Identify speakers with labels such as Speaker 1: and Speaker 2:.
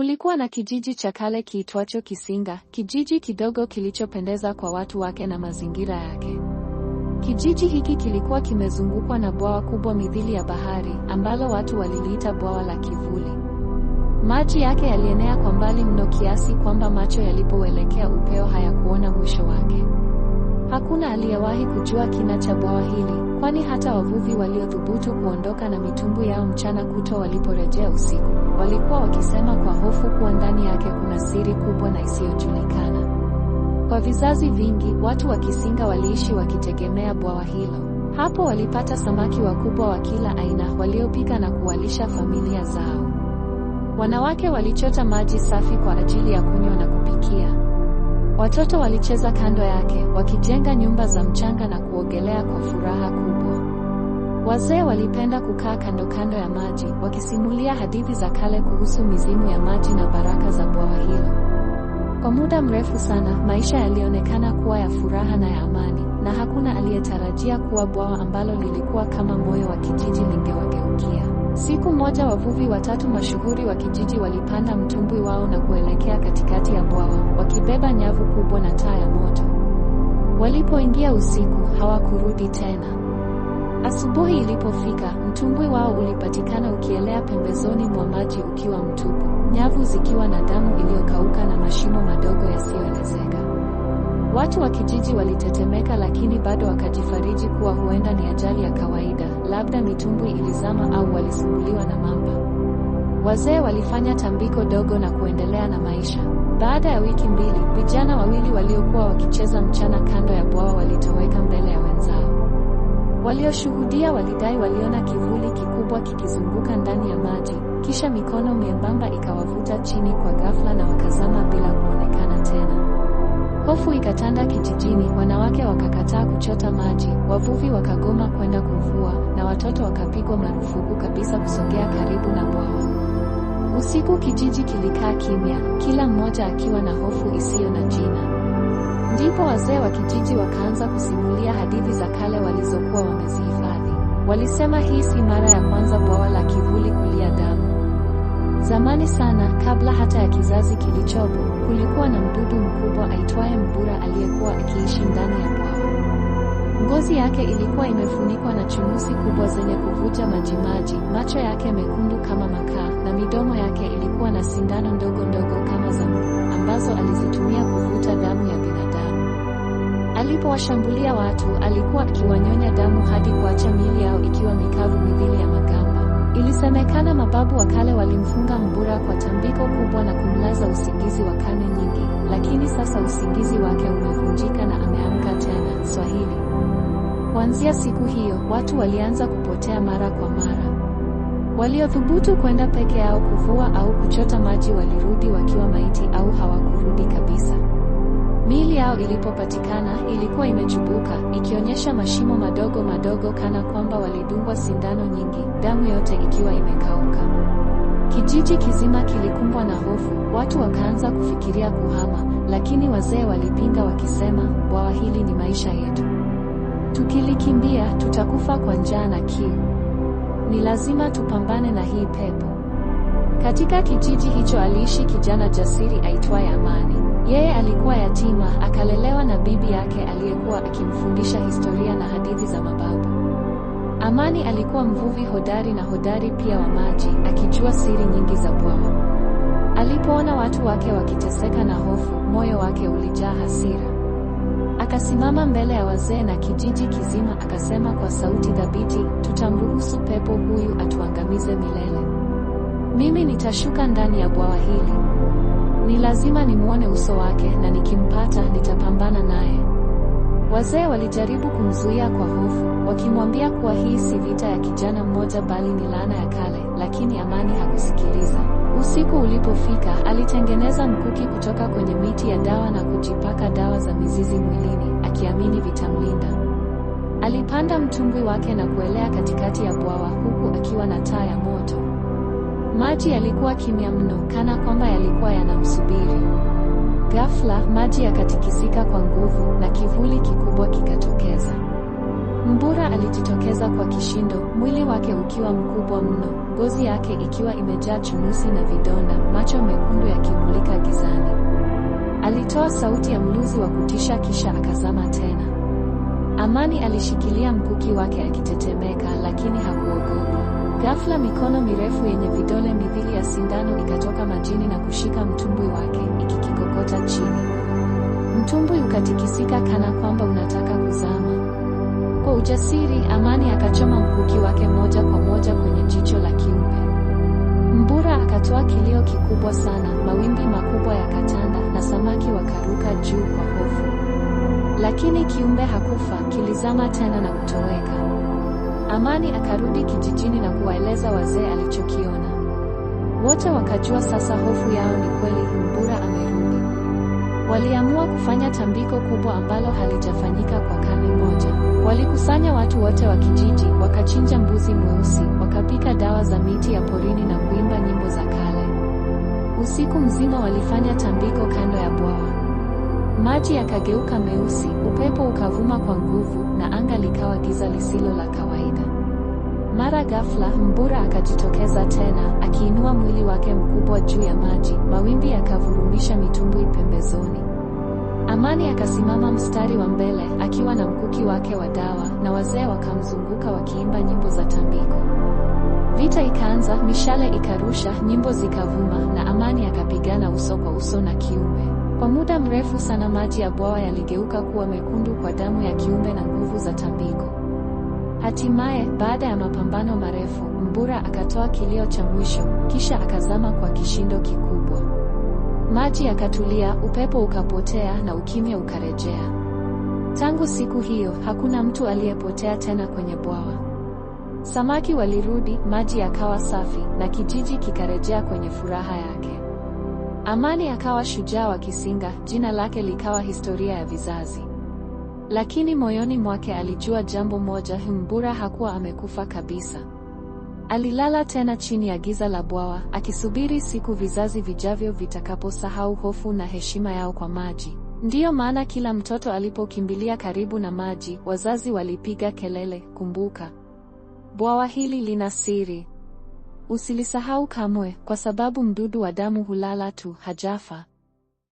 Speaker 1: Kulikuwa na kijiji cha kale kiitwacho Kisinga, kijiji kidogo kilichopendeza kwa watu wake na mazingira yake. Kijiji hiki kilikuwa kimezungukwa na bwawa kubwa midhili ya bahari ambalo watu waliliita bwawa la kivuli. Maji yake yalienea kwa mbali mno kiasi kwamba macho yalipoelekea upeo hayakuona mwisho wake. Hakuna aliyewahi kujua kina cha bwawa hili, kwani hata wavuvi waliothubutu kuondoka na mitumbu yao mchana kuto waliporejea usiku, walikuwa wakisema kwa hofu kuwa ndani yake kuna siri kubwa na isiyojulikana. Kwa vizazi vingi, watu wa Kisinga waliishi wakitegemea bwawa hilo. Hapo walipata samaki wakubwa wa kila aina waliopika na kuwalisha familia zao. Wanawake walichota maji safi kwa ajili ya kunywa na kupikia. Watoto walicheza kando yake, wakijenga nyumba za mchanga na kuogelea kwa furaha kubwa. Wazee walipenda kukaa kando kando ya maji, wakisimulia hadithi za kale kuhusu mizimu ya maji na baraka za bwawa hilo. Kwa muda mrefu sana, maisha yalionekana kuwa ya furaha na ya amani, na hakuna aliyetarajia kuwa bwawa ambalo lilikuwa kama moyo wa kijiji linge pamoja wavuvi watatu mashuhuri wa kijiji walipanda mtumbwi wao na kuelekea katikati ya bwawa, wakibeba nyavu kubwa na taa ya moto. Walipoingia usiku, hawakurudi tena. Asubuhi ilipofika, mtumbwi wao ulipatikana ukielea pembezoni mwa maji ukiwa mtupu, nyavu zikiwa na damu iliyokauka na mashimo madogo yasiyoelezeka. Watu wa kijiji walitetemeka, lakini bado wakajifariji kuwa huenda ni ajali ya labda mitumbwi ilizama au walisumbuliwa na mamba. Wazee walifanya tambiko dogo na kuendelea na maisha. Baada ya wiki mbili, vijana wawili waliokuwa wakicheza mchana kando ya bwawa walitoweka mbele ya wenzao. Walioshuhudia walidai waliona kivuli kikubwa kikizunguka ndani ya maji, kisha mikono miembamba ikawavuta chini kwa ghafla na wakazama bila kuonekana tena. Hofu ikatanda kijijini, wanawake wakakataa kuchota maji, wavuvi wakagoma kwenda kuvua, na watoto wakapigwa marufuku kabisa kusogea karibu na bwawa. Usiku kijiji kilikaa kimya, kila mmoja akiwa na hofu isiyo na jina. Ndipo wazee wa kijiji wakaanza kusimulia hadithi za kale walizokuwa wamezihifadhi. Walisema hii si mara ya kwanza bwawa la kivuli kulia damu. Zamani sana, kabla hata ya kizazi kilichopo, kulikuwa na mdudu mkubwa aitwaye Mbura aliyekuwa akiishi ndani ya bwawa. Ngozi yake ilikuwa imefunikwa na chunusi kubwa zenye kuvuja majimaji, macho yake mekundu kama makaa, na midomo yake ilikuwa na sindano ndogo ndogo kama za mbu, ambazo alizitumia kuvuta damu ya binadamu. Alipowashambulia watu, alikuwa akiwanyonya damu hadi kuacha miili yao ikiwa mikavu mithili ya magamba. Ilisemekana mababu wa kale walimfunga Mbura kwa tambiko kubwa na kumlaza usingizi wa karne nyingi, lakini sasa usingizi wake umevunjika na ameamka tena. Swahili. Kuanzia siku hiyo, watu walianza kupotea mara kwa mara. Waliothubutu kwenda peke yao kuvua au kuchota maji walirudi wakiwa maiti au hawakurudi kabisa yao ilipopatikana ilikuwa imechubuka, ikionyesha mashimo madogo madogo kana kwamba walidungwa sindano nyingi, damu yote ikiwa imekauka. Kijiji kizima kilikumbwa na hofu, watu wakaanza kufikiria kuhama, lakini wazee walipinga wakisema, bwawa hili ni maisha yetu. Tukilikimbia tutakufa kwa njaa na kiu. Ni lazima tupambane na hii pepo. Katika kijiji hicho aliishi kijana jasiri aitwaye Amani. Yeye alikuwa yatima, akalelewa na bibi yake aliyekuwa akimfundisha historia na hadithi za mababu. Amani alikuwa mvuvi hodari na hodari pia wa maji, akijua siri nyingi za bwawa. Alipoona watu wake wakiteseka na hofu, moyo wake ulijaa hasira. Akasimama mbele ya wazee na kijiji kizima, akasema kwa sauti thabiti, tutamruhusu pepo huyu atuangamize milele. Mimi nitashuka ndani ya bwawa hili. Ni lazima nimwone uso wake na nikimpata nitapambana naye. Wazee walijaribu kumzuia kwa hofu, wakimwambia kuwa hii si vita ya kijana mmoja bali ni laana ya kale, lakini Amani hakusikiliza. Usiku ulipofika, alitengeneza mkuki kutoka kwenye miti ya dawa na kujipaka dawa za mizizi mwilini, akiamini vitamlinda. Alipanda mtumbwi wake na kuelea katikati ya bwawa huku akiwa na taa ya moto. Maji yalikuwa kimya mno, kana kwamba yalikuwa yanamsubiri. Ghafla maji yakatikisika kwa nguvu na kivuli kikubwa kikatokeza. Mbura alijitokeza kwa kishindo, mwili wake ukiwa mkubwa mno, ngozi yake ikiwa imejaa chunusi na vidonda, macho mekundu yakimulika gizani. Alitoa sauti ya mluzi wa kutisha, kisha akazama tena. Amani alishikilia mkuki wake akitetemeka, lakini hakuogopa. Ghafla mikono mirefu yenye vidole mithili ya sindano ikatoka majini na kushika mtumbwi wake ikikikokota chini. Mtumbwi ukatikisika kana kwamba unataka kuzama. Kwa ujasiri, Amani akachoma mkuki wake moja kwa moja kwenye jicho la kiumbe. Mbura akatoa kilio kikubwa sana, mawimbi makubwa yakatanda na samaki wakaruka juu kwa hofu. Lakini kiumbe hakufa, kilizama tena na kutoweka. Amani akarudi kijijini na kuwaeleza wazee alichokiona. Wote wakajua sasa hofu yao ni kweli, Mbura amerudi. Waliamua kufanya tambiko kubwa ambalo halijafanyika kwa karne moja. Walikusanya watu wote wa kijiji, wakachinja mbuzi mweusi, wakapika dawa za miti ya porini na kuimba nyimbo za kale. Usiku mzima walifanya tambiko kando ya bwawa. Maji yakageuka meusi, upepo ukavuma kwa nguvu na anga likawa giza lisilo la kawaida. Mara ghafla, Mbura akajitokeza tena, akiinua mwili wake mkubwa juu ya maji, mawimbi yakavurumisha mitumbwi pembezoni. Amani akasimama mstari wa mbele akiwa na mkuki wake wa dawa na wazee wakamzunguka wakiimba nyimbo za tambiko. Vita ikaanza, mishale ikarusha, nyimbo zikavuma na Amani akapigana uso kwa uso na kiume. Kwa muda mrefu sana maji ya bwawa yaligeuka kuwa mekundu kwa damu ya kiumbe na nguvu za tambiko. Hatimaye, baada ya mapambano marefu, Mbura akatoa kilio cha mwisho, kisha akazama kwa kishindo kikubwa. Maji yakatulia, upepo ukapotea na ukimya ukarejea. Tangu siku hiyo, hakuna mtu aliyepotea tena kwenye bwawa. Samaki walirudi, maji yakawa safi na kijiji kikarejea kwenye furaha yake. Amani akawa shujaa wa Kisinga, jina lake likawa historia ya vizazi. Lakini moyoni mwake alijua jambo moja, Mbura hakuwa amekufa kabisa. Alilala tena chini ya giza la bwawa, akisubiri siku vizazi vijavyo vitakaposahau hofu na heshima yao kwa maji. Ndiyo maana kila mtoto alipokimbilia karibu na maji, wazazi walipiga kelele, kumbuka, bwawa hili lina siri. Usilisahau kamwe, kwa sababu mdudu wa damu hulala tu, hajafa.